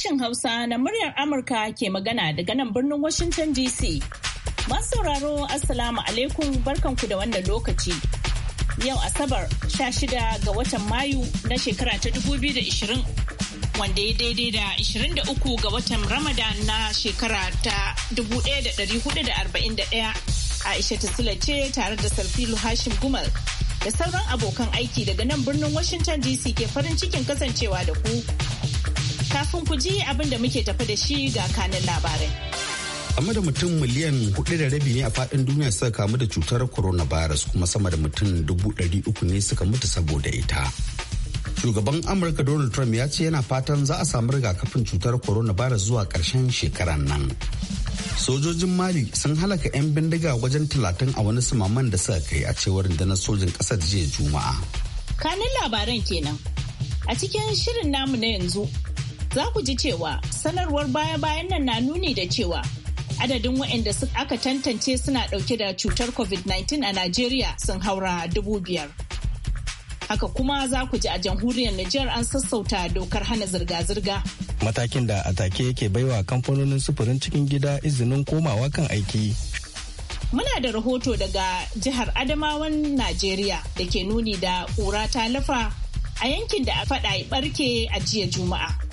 Sashen Hausa na muryar Amurka ke magana daga nan birnin Washington DC. Masu sauraro Assalamu alaikum barkanku da wannan lokaci. Yau Asabar 16 ga watan Mayu na shekara ta 2020 wanda ya daidai da 23 ga watan Ramadan na shekara ta 1441 Aisha ta ce tare da Sarfilu Hashim Gumal da sauran abokan aiki daga nan birnin Washington DC ke farin cikin kasancewa da ku. Kafin ku ji abin da muke tafi da shi ga kanin labarai. Amma da mutum miliyan hudu da rabi ne a faɗin duniya suka kamu da cutar coronavirus kuma sama da mutum dubu ɗari uku ne suka mutu saboda ita. Shugaban Amurka Donald Trump ya ce yana fatan za a samu rigakafin cutar coronavirus zuwa ƙarshen shekaran nan. sojojin mali sun halaka 'yan bindiga wajen talatin a wani sumaman da suka kai a cewar rundunar sojin ƙasar jiya juma'a kanin labaran kenan a cikin shirin namu na yanzu za ku ji cewa sanarwar baya-bayan nan na nuni da cewa adadin waɗanda aka tantance suna ɗauke da cutar covid-19 a Najeriya sun haura dubu biyar. Haka kuma za ku ji a jamhuriyar Nijar an sassauta dokar hana zirga-zirga. Matakin da a take yake baiwa kamfanonin sufurin cikin gida izinin komawa kan aiki. Muna da rahoto daga jihar Adamawan Najeriya da ke nuni da ƙura ta lafa a yankin da a faɗa barke a jiya Juma'a.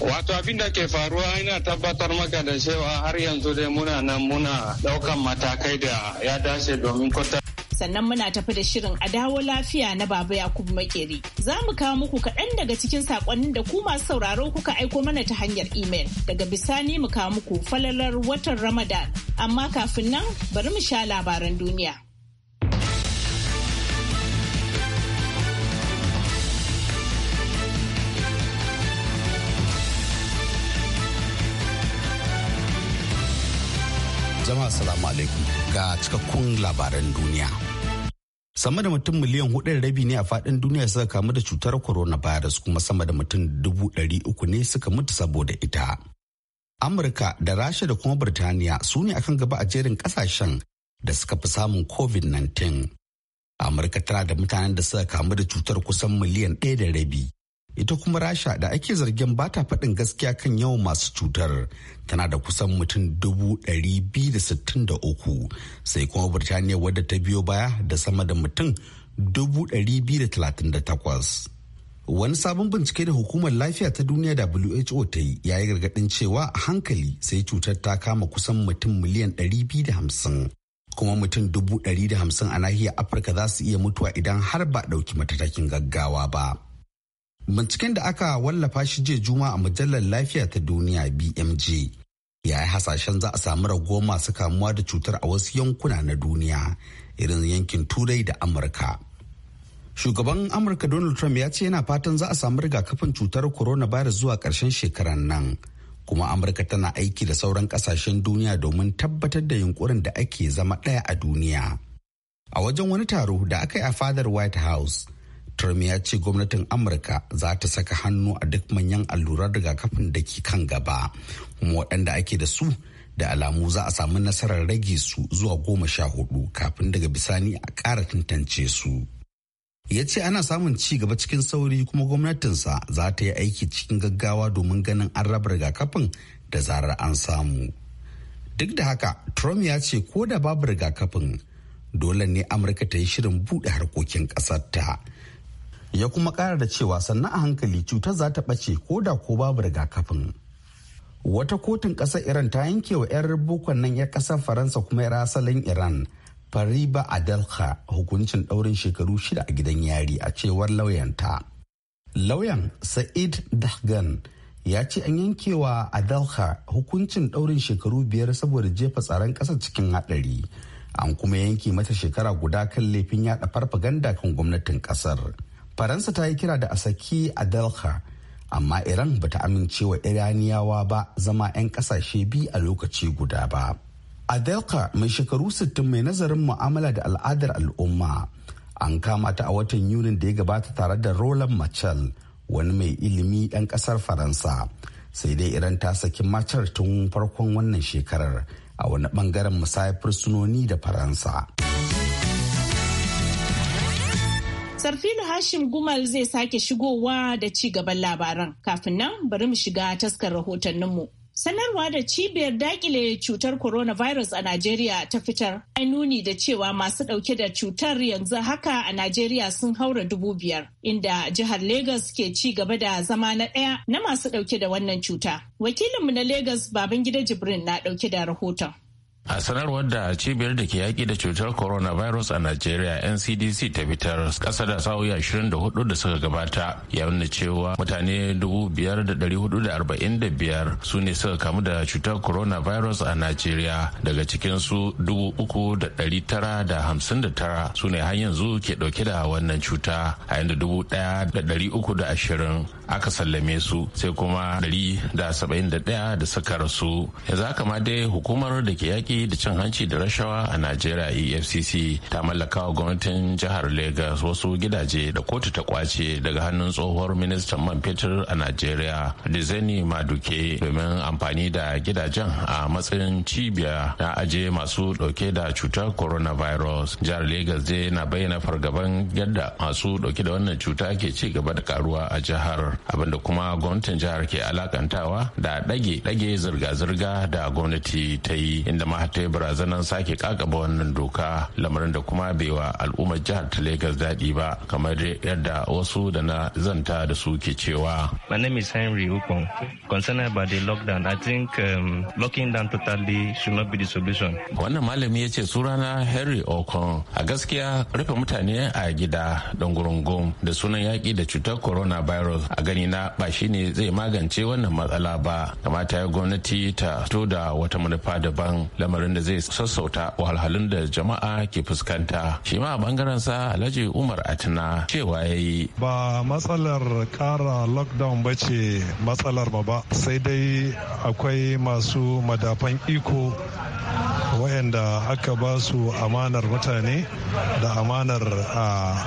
Wato abin da ke faruwa ina tabbatar maka da cewa har yanzu dai muna nan muna daukan matakai da ya dace domin kwata. Sannan muna tafi da shirin a dawo lafiya na Baba Yakubu Makeri. Za mu kawo muku kaɗan daga cikin saƙonnin da ku masu sauraro kuka aiko mana ta hanyar imel. Daga bisani mu kawo muku falalar watan Ramadan. Amma kafin nan bari mu sha labaran duniya. jama'a assalamu alaikum ga cikakkun labaran duniya sama da mutum miliyan hudu rabi ne a fadin duniya suka kamu da cutar corona coronavirus kuma sama da mutum dubu ɗari uku ne suka mutu saboda ita amurka da rasha da kuma birtaniya su ne akan gaba a jerin kasashen da suka fi samun covid-19 amurka tana da mutanen da suka kamu da cutar kusan miliyan ɗaya da rabi ita kuma rasha da ake zargin bata faɗin gaskiya kan yawan masu cutar tana da kusan mutum 263 sai kuma birtaniya wadda ta biyo baya da sama da mutum 238 wani sabon bincike da hukumar lafiya ta duniya who ta yi ya yi gargaɗin cewa a hankali sai cutar ta kama kusan mutum miliyan 250 kuma mutum 150 a nahiyar afirka za su iya mutuwa idan har ba ɗauki matatakin gaggawa ba. Binciken da aka wallafa shi jiya juma a mujallar lafiya ta duniya BMG. ya yi hasashen za a samu rago masu kamuwa da cutar a wasu yankuna na duniya irin yankin Turai da Amurka. Shugaban Amurka Donald Trump ya ce yana fatan za a samu rigakafin cutar corona coronavirus zuwa karshen shekaran nan. Kuma Amurka tana aiki da sauran kasashen duniya domin tabbatar da yunkurin da ake zama ɗaya a duniya. A wajen wani taro da aka yi a fadar White House, Trump ya ce gwamnatin Amurka za ta saka hannu a duk manyan allurar rigakafin da ke kan gaba, kuma waɗanda ake da su da alamu za a samu nasarar rage su zuwa goma sha hudu kafin daga bisani a ƙara tantance su. Ya ce ana samun ci gaba cikin sauri kuma gwamnatinsa za ta yi aiki cikin gaggawa domin ganin an raba rigakafin da zarar an samu. Duk da haka, Trump ya ce ko da babu rigakafin, dole ne Amurka ta yi shirin buɗe harkokin ƙasarta. ta. ya kuma ƙara da cewa sannan a hankali cutar za ta ɓace ko da ko babu rigakafin wata kotun ƙasar iran ta yanke wa 'yar bukon nan 'yar ƙasar faransa kuma 'yar asalin iran fariba adalha hukuncin ɗaurin shekaru shida a gidan yari a cewar lauyanta lauyan sa'id dahgan ya ce an yanke wa adalha hukuncin ɗaurin shekaru biyar saboda jefa tsaron ƙasa cikin haɗari an kuma yanke mata shekara guda kan laifin yaɗa farfaganda kan gwamnatin ƙasar. faransa ta yi kira da a saki adelka amma iran bata wa iraniyawa ba zama 'yan kasashe biyu a lokaci guda ba a adelka mai shekaru 60 mai nazarin mu'amala da al'adar al'umma an kama ta a watan yunin da ya gabata tare da roland machel wani mai ilimi 'yan kasar faransa sai dai iran ta saki Machel tun farkon wannan shekarar a wani bangaren musayar fursunoni da faransa. Sarfilu Hashim Gumal zai sake shigowa da ci gaban labaran. Kafin nan bari mu shiga taskar rahotanninmu. Sanarwa da cibiyar dakile cutar coronavirus a Najeriya ta fitar ai nuni da cewa masu ɗauke da cutar yanzu haka a Najeriya sun haura dubu biyar, inda jihar Legas ke ci gaba da zama na ɗaya na masu ɗauke da wannan cuta. Wakilinmu na Legas Babangida Jibrin na ɗauke da rahoton. a sanarwar da cibiyar da ke yaƙi da cutar coronavirus a najeriya ncdc ta fitar ƙasa da sa'o'i ashirin da suka gabata ya nuna cewa mutane dubu biyar da da hudu arba'in biyar su ne suka kamu da cutar coronavirus a najeriya daga cikinsu tara su ne har yanzu ke ɗauke da wannan cuta a yanda ashirin aka sallame su sai kuma ɗaya da suka rasu yanzu haka ma dai hukumar da ke yaƙi yaƙi da cin hanci da rashawa a najeriya efcc ta mallaka wa gwamnatin jihar lagos wasu gidaje da kotu ta kwace daga hannun tsohuwar ministan man fetur a najeriya dizeni maduke domin amfani da gidajen a matsayin cibiya na aje masu ɗauke da cutar coronavirus jihar lagos dai na bayyana fargaban yadda masu ɗauke da wannan cuta ke ci gaba da karuwa a jihar abinda kuma gwamnatin jihar ke alakantawa da ɗage-ɗage zirga-zirga da gwamnati ta yi inda ma har ta yi barazanar sake kakaba wannan doka lamarin da kuma wa al'ummar jihar ta lagos daɗi ba kamar yadda wasu da na zanta da su ke cewa my name is henry ukon concerned about the lockdown i think um, locking down totally should not be the solution wannan malami ya ce surana henry ukon a gaskiya rufe mutane a gida don gurungun da sunan yaƙi da cutar corona virus a gani na ba shine zai magance wannan matsala ba kamata ya gwamnati ta fito da wata manufa daban lamarin da zai sassauta wahalhalun da jama'a ke fuskanta shi ma a bangaren sa alhaji umar atina cewa ya yi ba matsalar kara lockdown ba ce matsalar ba ba sai dai akwai masu madafan iko wayanda aka ba su amanar mutane da amanar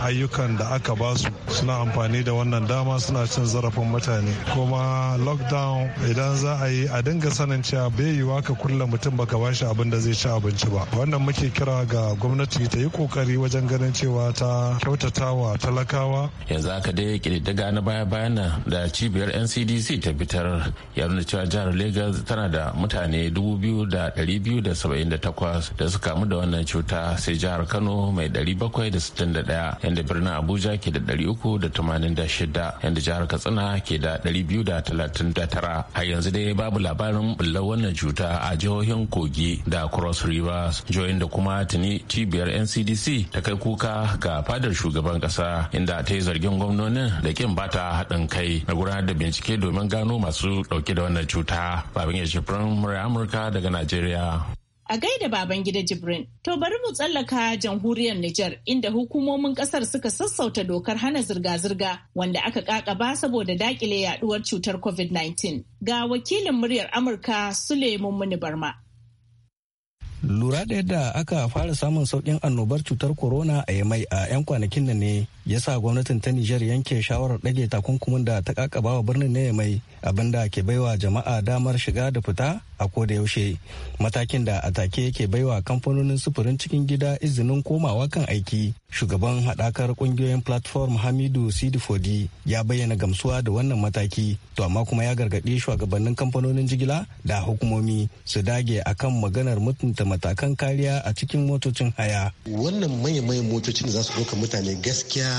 ayyukan da aka ba su suna amfani da wannan dama suna cin zarafin mutane kuma lockdown idan za a yi a dinga sanin cewa bai yiwa ka kulle mutum baka ba shi abin da zai ci abinci ba wannan muke kira ga gwamnati ta yi kokari wajen ganin cewa ta kyautatawa talakawa yanzu aka dai kididdiga na baya bayan da cibiyar ncdc ta fitar ya nuna cewa jihar lagos tana da mutane 2,278 da suka kamu da wannan cuta sai jihar kano mai 761 yadda birnin abuja ke da 386 yadda jihar katsina ke da 239 a yanzu dai babu labarin bullar wannan cuta a jihohin kogi da cross rivers joyin da kuma tuni cibiyar ncdc ta kai kuka ga fadar shugaban kasa inda ta yi zargin gwamnonin da kin bata haɗin kai na gudanar da bincike domin gano masu ɗauke da wannan cuta babin ya shifrin murai amurka daga najeriya a gaida baban gida jibrin to bari mu tsallaka jamhuriyar Nijar inda hukumomin kasar suka sassauta dokar hana zirga-zirga wanda aka kakaba saboda dakile yaduwar cutar covid-19 ga wakilin muryar amurka Suleiman muni barma lura da yadda aka fara samun sauƙin annobar cutar corona a yamai a 'yan kwanakin nan ne ya sa gwamnatin ta Nijar yanke shawarar ɗage takunkumin da ta kakabawa birnin ne mai abin da ke baiwa jama'a damar shiga da fita a ko da yaushe matakin da a take yake baiwa kamfanonin sufurin cikin gida izinin komawa kan aiki shugaban haɗakar ƙungiyoyin platform hamidu sidifodi ya bayyana gamsuwa da wannan mataki to amma kuma ya gargaɗi shugabannin kamfanonin jigila da hukumomi su dage akan maganar mutunta matakan kariya a cikin motocin haya wannan manya-manyan motocin da za su doka mutane gaskiya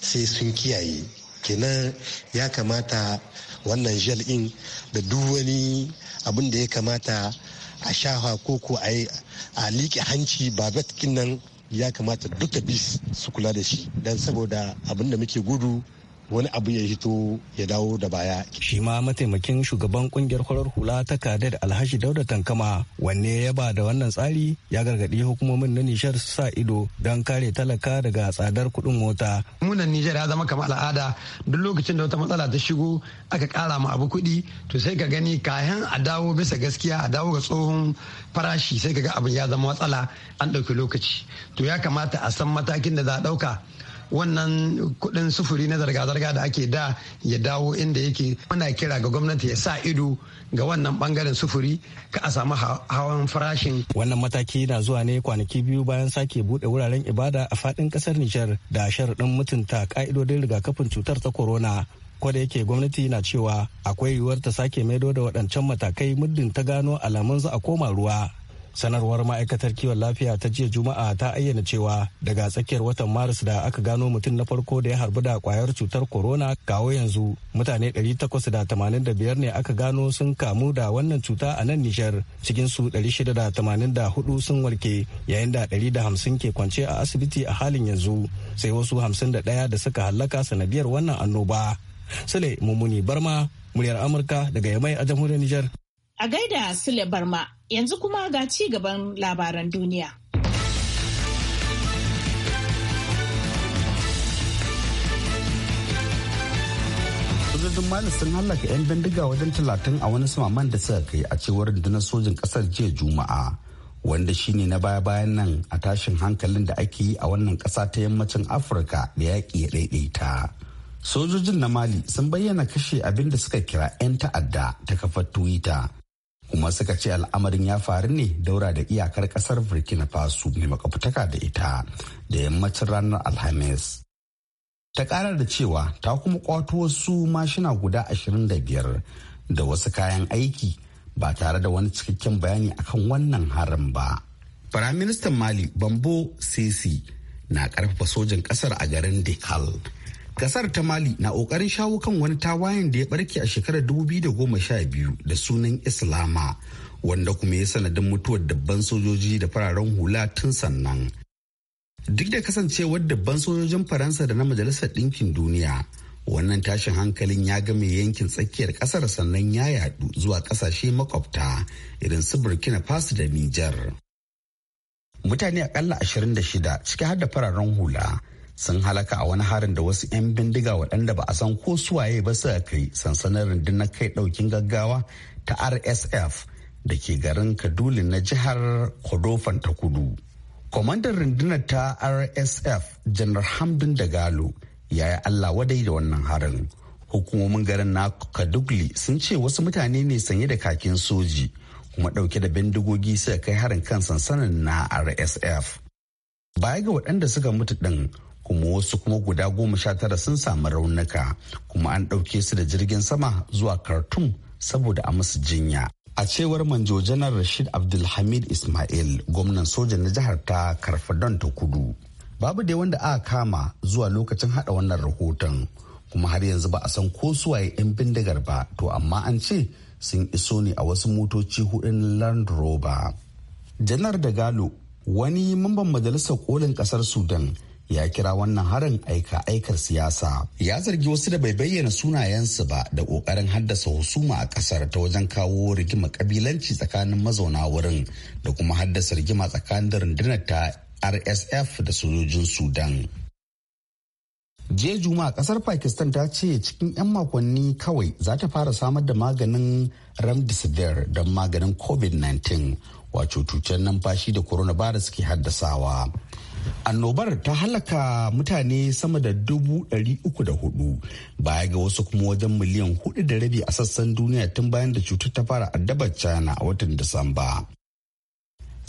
sai sun kiyaye kenan ya kamata wannan gel in da duk wani abin da ya kamata a shafa ko ko a liƙe hanci ba nan ya kamata duka bis su kula da shi don saboda abin da muke gudu wani abu ya hito ya dawo da baya. Shi ma mataimakin shugaban kungiyar farar hula ta da alhashi dauda tankama wanne ya ba da wannan tsari ya gargaɗi hukumomin na nishar su sa ido don kare talaka daga tsadar kuɗin mota. Munan Nijar ya zama kamar al'ada duk lokacin da wata matsala ta shigo aka kara ma abu kuɗi to sai ka gani kayan a dawo bisa gaskiya a dawo ga tsohon farashi sai ka ga abin ya zama matsala an ɗauki lokaci. To ya kamata a san matakin da za a ɗauka wannan kudin sufuri na zarga-zarga da ake da ya dawo inda yake muna kira ga gwamnati ya sa ido ga wannan bangaren sufuri ka a samu hawan farashin. Wannan mataki na zuwa ne kwanaki biyu bayan sake bude wuraren ibada a fadin kasar Nijar da sharaɗin mutunta ka'idodin rigakafin cutar ta corona da yake gwamnati na cewa akwai yiwuwar ta sake maido da waɗancan matakai muddin ta gano alamun za a koma ruwa sanarwar ma'aikatar kiwon lafiya ta jiya juma'a ta ayyana cewa daga tsakiyar watan maris da aka gano mutum na farko da ya harbu da kwayar cutar corona kawo yanzu mutane 885 ne aka gano sun kamu da wannan cuta a nan nijar cikinsu 684 sun warke yayin da 150 ke kwance a asibiti a halin yanzu sai wasu 51 da suka hallaka sanadiyar wannan annoba sule mummuni barma muryar amurka daga yamai a jamhuriyar nijar A gaida Sule Barma yanzu kuma ga ci gaban labaran duniya. sojojin mali sun hallaka 'yan bindiga wajen talatin a wani samaman da suka kai a cewar rundunar sojin kasar jiya juma'a wanda shine na baya-bayan nan a tashin hankalin da ake yi a wannan kasa ta yammacin afirka da yaƙi ya ɗaiɗaita sojojin na mali sun bayyana kashe abin da suka kira 'yan ta'adda ta kafar twitter kuma suka ce al'amarin ya faru ne daura da iyakar kasar burkina faso mai makwabtaka da ita da yammacin ranar alhamis ta kara da cewa ta kuma kwato wasu mashina guda 25 da wasu kayan aiki ba tare da wani cikakken bayani akan wannan harin ba firaministan mali bambo sesi na karfafa sojin kasar a garin dekal Kasar ta Mali na ƙoƙarin shawo kan wani tawayen da ya barke a shekarar 2012 da sunan Islama, wanda kuma ya sanadin mutuwar dabban sojoji da fararen hula tun sannan. Duk da kasancewar dabban sojojin Faransa da na Majalisar Ɗinkin Duniya, wannan tashin hankalin ya game yankin tsakiyar kasar sannan ya yadu zuwa kasashe makwabta irin su Burkina Faso da Nijar. Mutane akalla 26 ciki har da fararen hula sun halaka a wani harin da wasu 'yan bindiga waɗanda ba a san ko suwaye ba suka kai sansanin rundunar kai ɗaukin gaggawa ta rsf da ke garin kaduli na jihar kodofan ta kudu kwamandan rundunar ta rsf janar hamdun da galo ya yi allah wadai da wannan harin hukumomin garin na kadugli sun ce wasu mutane ne sanye da kakin soji kuma ɗauke da bindigogi suka kai harin kan sansanin na rsf baya ga waɗanda suka mutu ɗin kuma wasu kuma guda goma sha tara sun samu raunuka kuma an ɗauke su da jirgin sama zuwa khartoum saboda a musu jinya a cewar manjo janar rashid abdulhamid ismail gwamnan soja na jihar ta karfadon ta kudu babu dai wanda aka kama zuwa lokacin hada wannan rahoton kuma har yanzu ba a san ko suwaye 'yan bindigar ba to amma an ce sun iso ne a wasu motoci hudun land rover janar da galo wani mamban majalisar kolin kasar sudan ya kira wannan harin aika aikar siyasa ya zargi wasu da bai bayyana sunayensu ba da kokarin haddasa husuma a kasar ta wajen kawo rigima kabilanci tsakanin mazauna wurin da kuma haddasa rigima tsakanin rundunar ta rsf da sojojin sudan jiya juma'a kasar pakistan ta ce cikin 'yan makonni kawai za ta fara samar da maganin remdesivir don maganin covid-19 wato cutar numfashi da coronavirus ke haddasawa annobar ta halaka mutane sama da dubu ɗari uku da hudu baya ga wasu kuma wajen miliyan hudu da rabi a sassan duniya tun bayan da cutar ta fara addabar china a watan disamba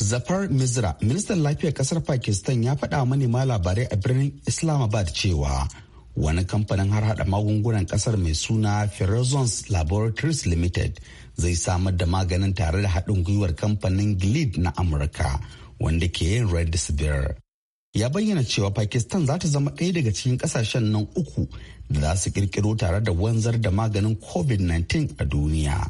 zafar mizra ministan lafiyar kasar pakistan ya faɗa manema labarai a birnin islamabad cewa wani kamfanin har hada magungunan kasar mai suna Ferozons Laboratories Limited zai samar da maganin tare da haɗin gwiwar kamfanin Gilead na Amurka wanda ke yin Redisivir. ya bayyana cewa pakistan za ta zama ɗaya daga cikin ƙasashen nan uku da za su ƙirƙiro tare da wanzar da maganin covid-19 a duniya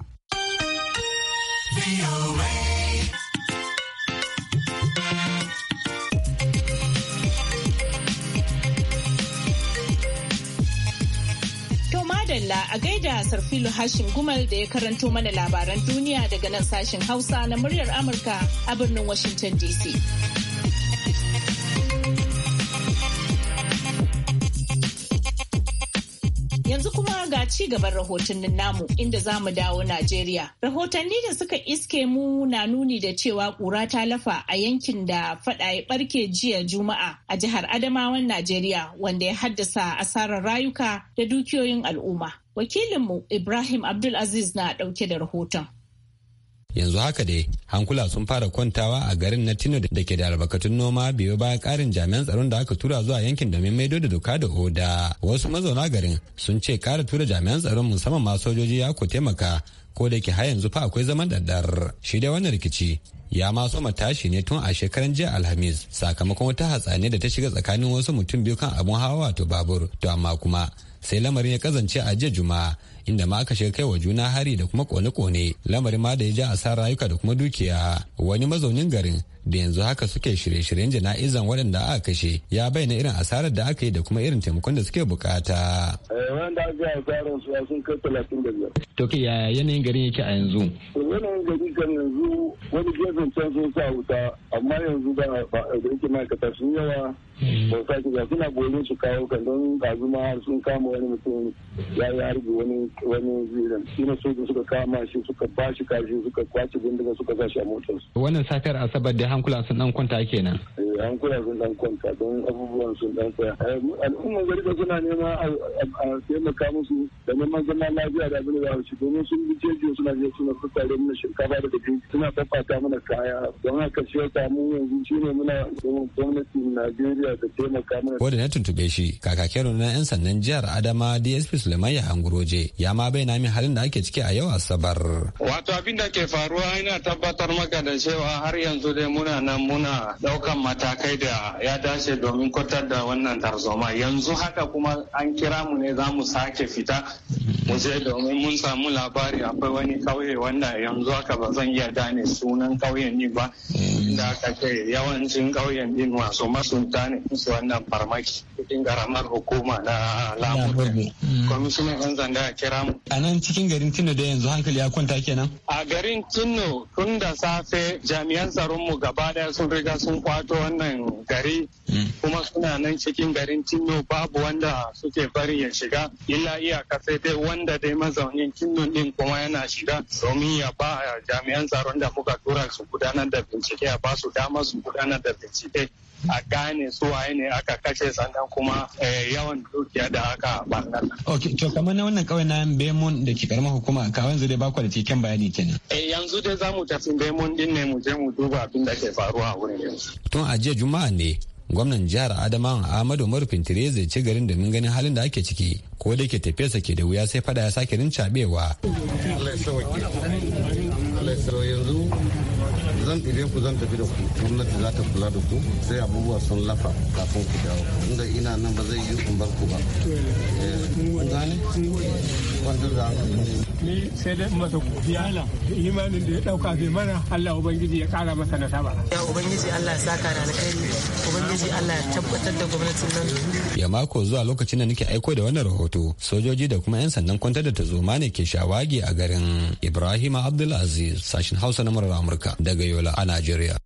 Madalla a gaida Sarfilu hashin Gumal da ya karanto mana labaran duniya daga nan sashen Hausa na muryar Amurka a birnin Washington DC. Yanzu kuma ga ci gaban rahotannin namu inda za mu dawo Najeriya. Rahotanni da suka iske mu na nuni da cewa ƙura ta lafa a yankin da fada ya barke jiya Juma'a a jihar Adamawan Najeriya wanda ya haddasa asarar rayuka da dukiyoyin al'umma. Wakilinmu Ibrahim Abdulaziz na ɗauke da rahoton. yanzu haka dai hankula sun fara kwantawa a garin na tino da ke da albarkatun noma biyo bayan karin jami'an tsaron da aka tura zuwa yankin domin maido da doka da oda wasu mazauna garin sun ce kara tura jami'an tsaron musamman ma sojoji ya ko taimaka ko da ke har yanzu fa akwai zaman daddar shi dai wannan rikici ya ma so matashi ne tun a shekaran jiya alhamis sakamakon wata hatsaniya da ta shiga tsakanin wasu mutum biyu kan abun hawa wato babur to amma kuma sai lamarin ya kazance a jiya juma'a inda ma aka shiga kai wa juna hari da kuma kone-kone lamarin ma da ya ja asarar rayuka da kuma dukiya wani mazaunin garin da yanzu haka suke shirye-shiryen jana'izan waɗanda aka kashe ya bayyana irin asarar da aka yi da kuma irin taimakon da suke bukata. Eh, Wanda aka yi asarar su kai talatin da biyar. yanayin garin yake a yanzu? Yanayin gari kan yanzu wani gefen can sun sa wuta amma yanzu da yake ma'aikata sun yawa hmm. ba sa shiga suna gobe su kawo kan don kazuma sun kama wani mutum ya yi harbi wani wani zirin shi ne soji suka kama shi suka ba shi kashi suka kwace bindiga suka sa shi a motar wannan safiyar asabar da hankula sun dan kwanta kenan eh hankula sun dan kwanta don abubuwan sun dan kwaya. Eh, al'umman gari da suna nema a taimaka musu da neman zama lafiya da abin da za su domin sun bi jeji suna je suna tsare mana shinkafa da dabi suna fafata mana kaya don haka shi ya samu yanzu shi ne muna gwamnatin Najeriya da taimaka mana. Wadda na tuntube shi kakakin na 'yan sannan jihar Adama DSP Suleiman Yahanguroje ya ya ma bayyana min halin da ake ciki a yau asabar. Wato abin da ke faruwa ina tabbatar maka da cewa har yanzu dai muna nan muna daukan matakai da ya dace domin kwatar da wannan tarzoma yanzu haka kuma an kira mu ne za mu sake fita mu je domin mun samu labari akwai wani kauye wanda yanzu aka ba zan iya dane sunan kauyen ni ba da aka ce yawancin kauyen din masu masunta ne su wannan farmaki cikin karamar hukuma na lamurin kwamishinan yan zanda kira karamu. A nan cikin garin Tinno da yanzu hankali ya kwanta kenan? A garin Tinno tun da safe jami'an tsaronmu gaba daya sun riga sun kwato wannan gari mm. kuma suna nan cikin garin Tinno babu wanda suke bari ya shiga illa iyaka sai dai wanda dai mazaunin Tinno din kuma yana shiga domin ya ba jami'an tsaron da muka tura su gudanar da bincike ya ba su dama su gudanar da bincike. a gane su waye ne aka kashe sannan kuma eh, yawan dukiya da aka barnar. Ok, to kamar na wannan kawai na Bemon da ke karamar hukuma ka yanzu dai baku da cikin bayani kenan. Eh yanzu dai za mu tafi Bemon din ne mu je mu duba abin da ke faruwa a wurin yanzu. Tun a jiya Juma'a ne gwamnan jihar adama ahmadu marufin zai ci garin domin ganin halin da ake ciki ko da ke tafiyarsa ke da wuya sai fada ya sake rincabewa yanzu zan ɗire ku zan tafi da ku gwamnati za ta kula da ku sai abubuwa sun lafa kafin ku dawo inda ina nan ba zai yi in bar ku ba eh, gane wanda za ni sai dai masa godiya da imanin da ya dauka bai mana Allah ubangiji ya kara masa nasaba ya ubangiji Allah ya saka da alkhairi ubangiji Allah ya tabbatar da gwamnatin nan ya mako zuwa lokacin da nake aiko da wannan rahoto sojoji da kuma yan sandan kwantar da tazoma ne ke shawagi a garin Ibrahim Abdulaziz sashin Hausa na murar Amurka daga Yola Ebola a Najeriya.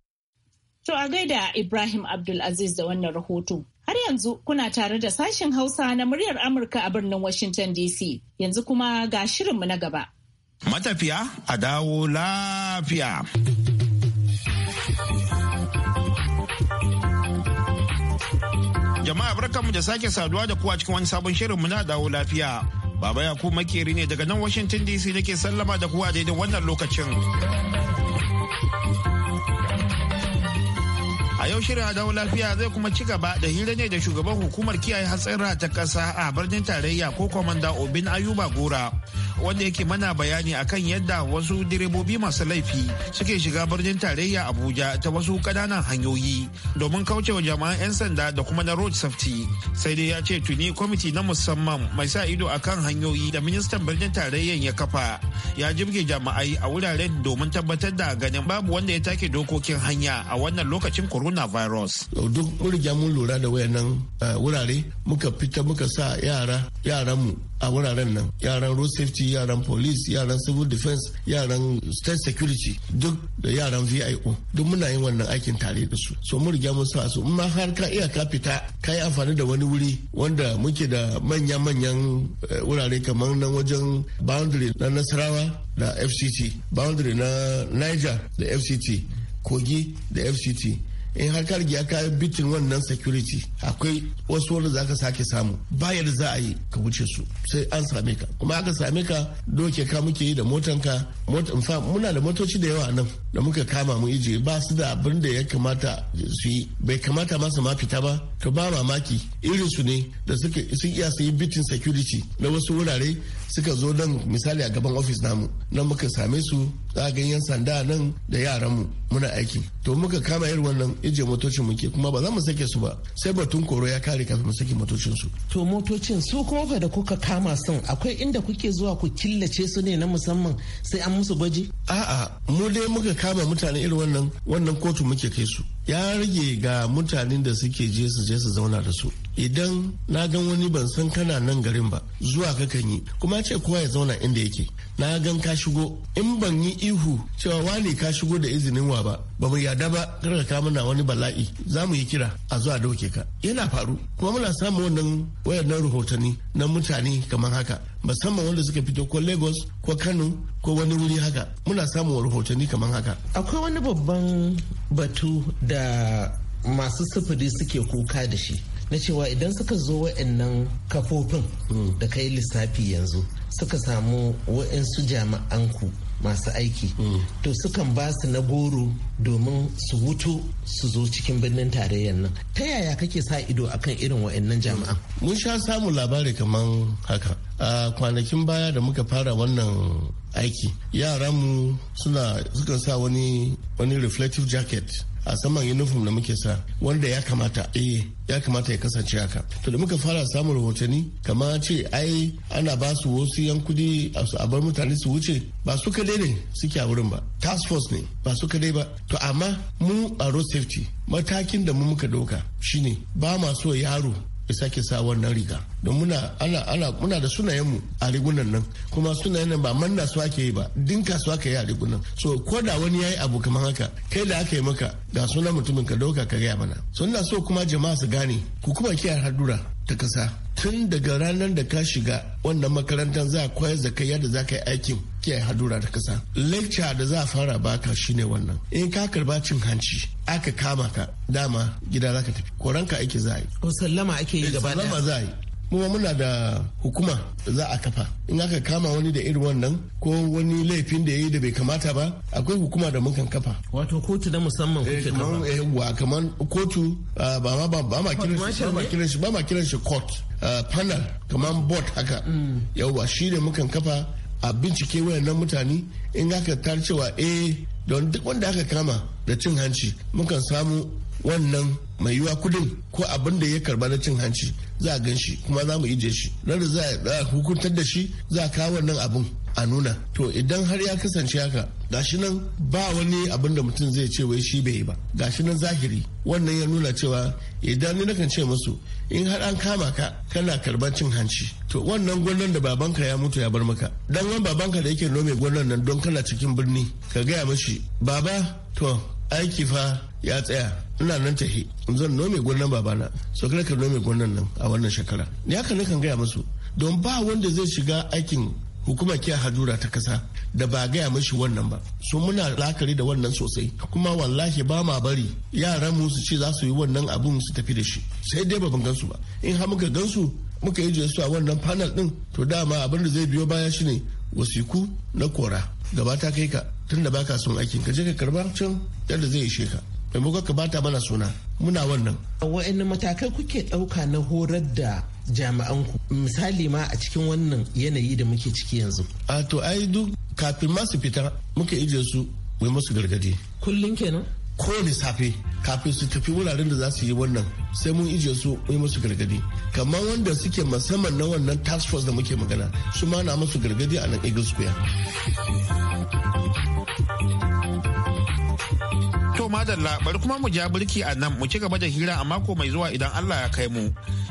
To a gaida Ibrahim Abdulaziz da wannan rahoto. Har yanzu kuna tare da sashen Hausa na muryar Amurka a birnin Washington DC. Yanzu kuma ga shirinmu na gaba. Matafiya a dawo lafiya. Jama'a barkanmu da sake saduwa da kuwa cikin wani sabon shirinmu na dawo lafiya. Baba Yakubu makeri ne daga nan Washington DC nake sallama da kuwa daidai wannan lokacin. Thank you. A yau shirin a lafiya zai kuma ci gaba da hira ne da shugaban hukumar kiyaye hatsara ta kasa a birnin tarayya ko kwamanda Obin Ayuba Gora wanda yake mana bayani akan yadda wasu direbobi masu laifi suke shiga birnin tarayya Abuja ta wasu kananan hanyoyi domin kaucewa jama'an 'yan sanda da kuma na road safety. Sai dai ya ce tuni kwamiti na musamman mai sa ido akan hanyoyi da ministan birnin tarayya ya kafa ya jibge jama'ai a wuraren domin tabbatar da ganin babu wanda ya take dokokin hanya a wannan lokacin corona coronavirus. Duk mun riga mun lura da wayannan eh, wurare muka fita muka sa yara mu a wuraren nan yaran road safety yaran police yaran civil defense yaran state security duk da yaran vio duk muna yin wannan aikin tare da su so mun riga mun sa su ma har ka iya ka fita ka yi amfani da wani wuri wanda muke da manya-manyan eh, wurare kamar nan wajen boundary na nasarawa da fct boundary na niger da fct kogi da fct in har ka riga ka bitin wannan security akwai wasu wanda za ka sake samu bayar za a yi ka wuce su sai an same ka kuma aka same ka doke ka muke yi da motanka muna da motoci da yawa nan da muka kama mu ije ba su da abin da ya kamata su yi bai kamata masa ma fita ba to ba mamaki irin su ne da suka sun iya su yi bitin security na wasu wurare suka zo nan misali a gaban ofis namu nan muka same su za ga yan sanda nan da yaran mu muna aiki to muka kama irin wannan ije motocin muke kuma ba za mu sake su ba sai batun koro ya kare kafin mu sake motocin su to motocin su kuma da kuka kama sun akwai inda kuke zuwa ku killace su ne na musamman sai an musu gwaji a'a mu dai muka kama mutane irin wannan wannan kotu muke kai su ya rage ga mutanen da suke je su je su zauna da su idan na gan wani ban san kana nan garin ba zuwa ka kan yi kuma ce kowa ya zauna inda yake na gan ka shigo in ban yi ihu cewa wani ka shigo da izinin wa ba ba mu yada ba kar ka mana wani bala'i za mu yi kira a zuwa dauke ka yana faru kuma muna samun wannan wayannan rahotanni na mutane kamar haka musamman wanda suka fito ko lagos ko kano ko wani wuri haka muna samun rahotanni kamar haka akwai wani babban batu da masu sufuri suke kuka da shi na cewa idan suka zo wa'annan kafofin da kai lissafi yanzu suka samu wa'ansu jami'an ku masu aiki to sukan ba su na goro domin su wuto su zo cikin birnin tarayyar nan ta yaya kake sa ido akan irin wa'annan jama'an. mun sha samun labari kamar haka a kwanakin baya da muka fara wannan aiki yaranmu suna suka sa wani wani reflective jacket a saman uniform da muke sa wanda ya kamata eh ya kamata ya kasance haka to da muka fara samun rahotanni kama ce ai ana ba su wasu yan kudi a bar mutane su wuce ba su kadai ne suke a wurin ba task force ne ba su kadai ba to amma mu a road safety matakin da mu muka doka shine ba ma so yaro ya sake sa wannan riga don muna ana ana muna da sunayen mu a rigunan nan kuma sunayen nan ba manna su ake yi ba dinka su aka yi a rigunan so ko da wani yayi abu kamar haka kai da aka yi maka ga sunan mutumin ka dauka ka gaya mana so so kuma jama'a su gane ku kuma kiyar hadura ta kasa tun daga ranar da ka shiga wannan makarantar za a koyar da kai yadda za ka yi aikin kiyaye hadura ta kasa lecture da za a fara baka shine wannan in ka karba cin hanci aka kama ka dama gida za ka tafi koranka aiki za a yi sallama ake yi eh, gaba sallama za a yi Muma muna da hukuma za a kafa in aka kama wani da irin wannan ko wani laifin da ya yi da bai kamata ba akwai hukuma da mukan kafa wato kotu na musamman kuke eh, kafa eh wa kaman kotu ah, ba ma ba ma kiran shi ba ma kiran shi ba ma kiran shi court ah, panel kaman board haka mm. yawa shi ne mukan kafa a bincike wayannan mutane in aka tar cewa eh don duk wanda aka kama da cin hanci mukan samu wannan mai yiwa kudin ko abin da ya karba na cin hanci za a gan shi kuma za mu ije shi na da za a hukuntar da shi za a kawo wannan abin a nuna to idan har ya kasance haka gashi nan ba wani abin da mutum zai ce wai shi bai yi ba gashi nan zahiri wannan ya nuna cewa idan ni nakan ce musu in har an kama ka kana karban cin hanci to wannan gwannan da babanka ya mutu ya bar maka dan wani babanka da yake nome gwannan nan don kana cikin birni ka gaya mashi shi baba to aiki fa ya tsaya ina nan tafi zan nome gwanan babana so kada ka nome gwanan nan a wannan shekara ni haka nakan gaya musu don ba wanda zai shiga aikin hukumar kya hadura ta kasa da ba gaya mashi wannan ba so muna lakari da wannan sosai kuma wallahi ba ma bari yaran mu su ce za su yi wannan abun su tafi da shi sai dai ban gansu ba in har muka gansu muka yi su a wannan panel din to dama abin da zai biyo baya shine wasiku na kora gabata ta kai ka tun da baka son aikin ka je ka karbar can yadda zai ishe ka maimakon ka bata mana suna muna wannan wa'annan matakai kuke ɗauka na horar da jami'anku misali ma a cikin wannan yanayi da muke ciki yanzu a to ai duk kafin ma su fita muka ije su mai musu gargadi kullum kenan ko ne safe kafin su tafi wuraren da za su yi wannan sai mun ije su yi musu gargadi kamar wanda suke musamman na wannan task force da muke magana su ma na musu gargadi a nan eagle square To madalla bari kuma mu ja birki a nan mu ci gaba da hira a mako mai zuwa idan Allah ya kai mu.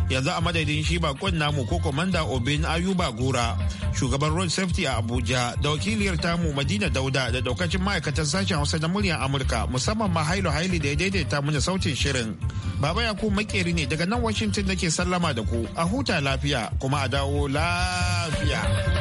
Yanzu a madadin shi bakon namu ko komanda Obin Ayuba Gora, shugaban Road Safety a Abuja da wakiliyar tamu Madina Dauda da daukacin ma'aikatan sashen Hausa na muryar Amurka musamman ma hailo Haili da ya daidaita mana sautin shirin. Baba Yakubu makeri ne daga nan Washington nake sallama da ku a huta lafiya kuma a dawo lafiya.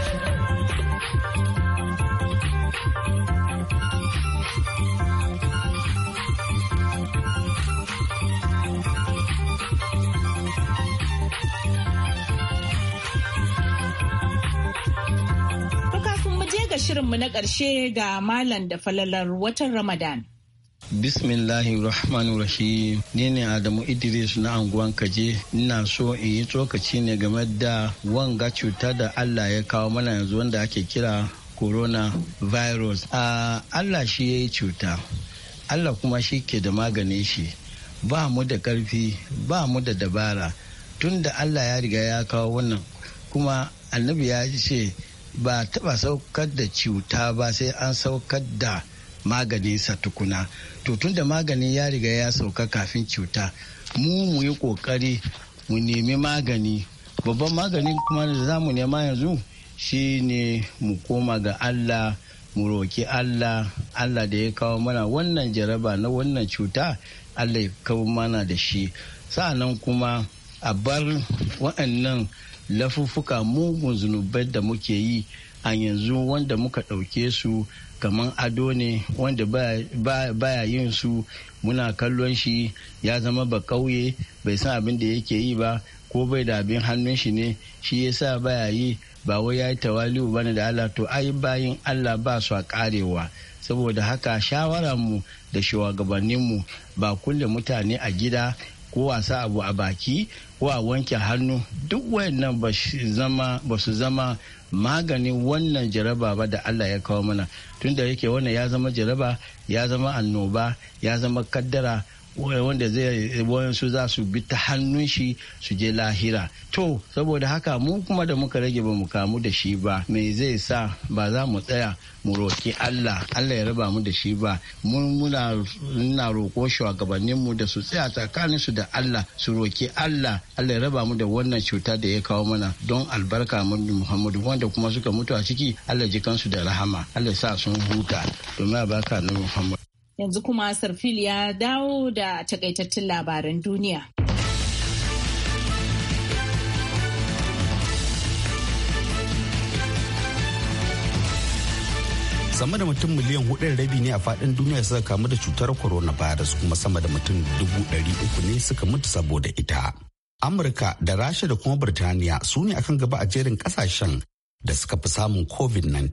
shirinmu na ƙarshe ga Malam da falalar watan Ramadan. Bismillahi Rahmanu Rahim ni ne Adamu Idris na anguwan Kaje ina so in yi tsokaci ne game da wanga cuta da Allah ya kawo mana yanzu wanda ake kira corona virus. Uh, Allah shi ya yi cuta, Allah kuma shi ke da maganin shi. Ba mu da ƙarfi, ba mu da dabara. tunda Allah ya riga ya kawo wannan kuma annabi ya ce ba taba saukar da cuta ba sai an saukar da sa tukuna to tun da maganin ya riga ya sauka kafin cuta mu mu yi kokari mu nemi magani babban magani kuma da za mu nema yanzu shi ne mu koma ga allah mu roki allah allah da ya kawo mana wannan jaraba na wannan cuta allah ya kawo mana da shi sa'annan kuma a bar wa'annan. lafuffuka mugun zunubai da muke yi a yanzu wanda muka ɗauke su kamar ado ne wanda baya yin su muna kallon shi ya zama ba kauye bai san abin da yake yi ba ko bai da abin hannun shi ne shi ya sa baya yi ba wai ya yi tawali'u bane da ala to ai bayin Allah ba su a karewa saboda haka shawararmu da shugabanninmu ba kulle mutane a gida ko a sa abu a baki ko a wanke hannu duk wayannan ba su zama maganin wannan jaraba ba da Allah ya kawo mana tunda yake wannan ya zama jaraba ya zama annoba ya zama kaddara wanda zai wayansu za su bi ta hannun shi su je lahira to saboda haka mu kuma da muka rage ba mu kamu da shi ba me zai sa ba za mu tsaya mu roki Allah Allah ya raba mu da shi ba mun muna roƙo shugabannin mu da su tsaya tsakanin su da Allah su roki Allah Allah ya raba mu da wannan cuta da ya kawo mana don albarka Muhammadu wanda kuma suka mutu a ciki Allah ji kansu da rahama Allah sa sun huta domin baka na muhammadu. Yanzu kuma Sarfil ya dawo da takaitattun labaran duniya. sama da mutum miliyan hudun rabi ne a fadin duniya suka kamu da cutar corona coronavirus kuma sama da mutum dubu dari uku ne suka mutu saboda ita. Amurka da Rasha da kuma Birtaniya su ne akan gaba a jerin kasashen da suka fi samun COVID-19.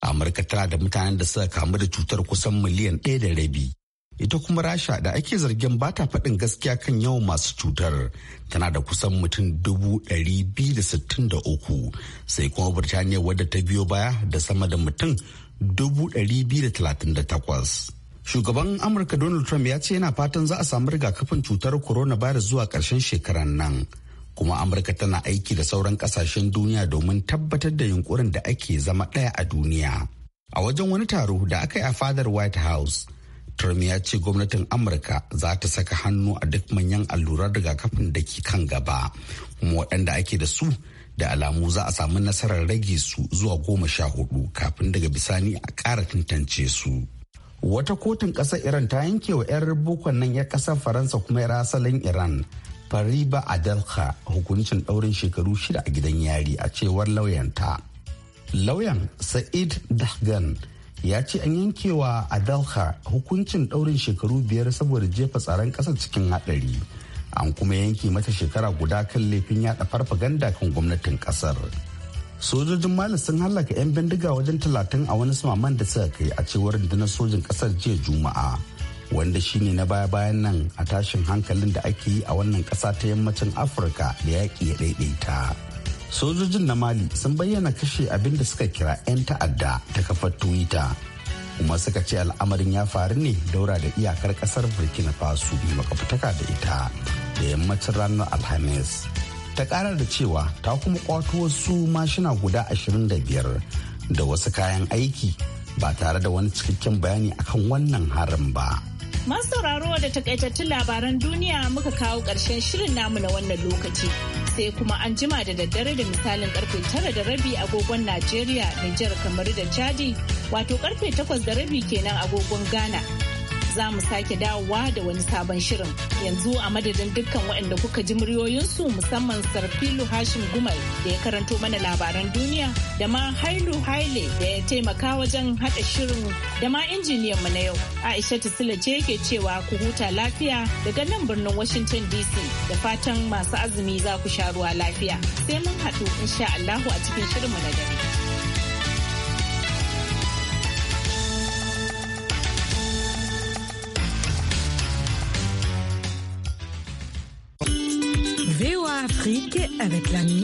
amurka tana da mutanen da suka kamu da cutar kusan miliyan ɗaya da rabi ita kuma rasha da ake zargin bata faɗin gaskiya kan yawan masu cutar tana da kusan mutum dubu ɗari biyu da sittin da uku sai kuma birtaniya wadda ta biyo baya da sama da mutum dubu ɗari biyu da talatin da takwas shugaban amurka donald trump ya ce yana fatan za a samu rigakafin cutar Corona coronavirus zuwa ƙarshen shekarar nan kuma amurka tana aiki da sauran kasashen duniya domin tabbatar da yunkurin da ake zama ɗaya a duniya a wajen wani taro da aka yi a fadar white house trump ya ce gwamnatin amurka za ta saka hannu a duk manyan allurar rigakafin da ke kan gaba kuma waɗanda ake da su da alamu za a samu nasarar rage su zuwa goma sha hudu kafin daga bisani a ƙara tantance su wata kotun ƙasar iran ta yanke wa 'yar rubukon nan 'yar ƙasar faransa kuma 'yar asalin iran fariba Adelka, hukuncin ɗaurin shekaru shida a gidan yari a cewar lauyanta lauyan sa'id dahgan ya ce an yankewa Adelka hukuncin ɗaurin shekaru biyar saboda jefa tsaron ƙasar cikin haɗari an kuma yanke mata shekara guda kan laifin yada farfaganda kan gwamnatin ƙasar sojojin mali sun hallaka 'yan bindiga wajen talatin a wani samaman da suka kai a cewar rundunar sojin ƙasar jiya juma'a wanda shine na baya-bayan nan a tashin hankalin da ake yi a wannan kasa ta yammacin afirka da yaƙi ya daidaita sojojin na mali sun bayyana kashe abin da suka kira 'yan ta'adda ta kafar twitter kuma suka ce al'amarin ya faru ne daura da iyakar kasar burkina faso mai makafutaka da ita da yammacin ranar alhamis ta kara da cewa ta kuma kwato wasu mashina guda 25 da wasu kayan aiki ba tare da wani cikakken bayani akan wannan harin ba Masu sauraro da takaitattun labaran duniya muka kawo ƙarshen shirin namu na wannan lokaci. Sai kuma an jima da daddare da misalin karfe tara da rabi agogon Najeriya, Nijar, kamar da Chadi, wato karfe takwas da rabi kenan agogon Ghana. za mu sake dawowa da wani sabon shirin yanzu a madadin dukkan waɗanda kuka ji muryoyinsu musamman sarfilu hashim gumal da ya karanto mana labaran duniya da ma hailu haile da ya taimaka wajen haɗa shirin da ma injiniyanmu na yau aisha sila ce ke cewa ku huta lafiya daga nan birnin washington dc da fatan masu azumi za ku sha ruwa lafiya sai mun haɗu insha allahu a cikin shirinmu na dare. Avec l'année.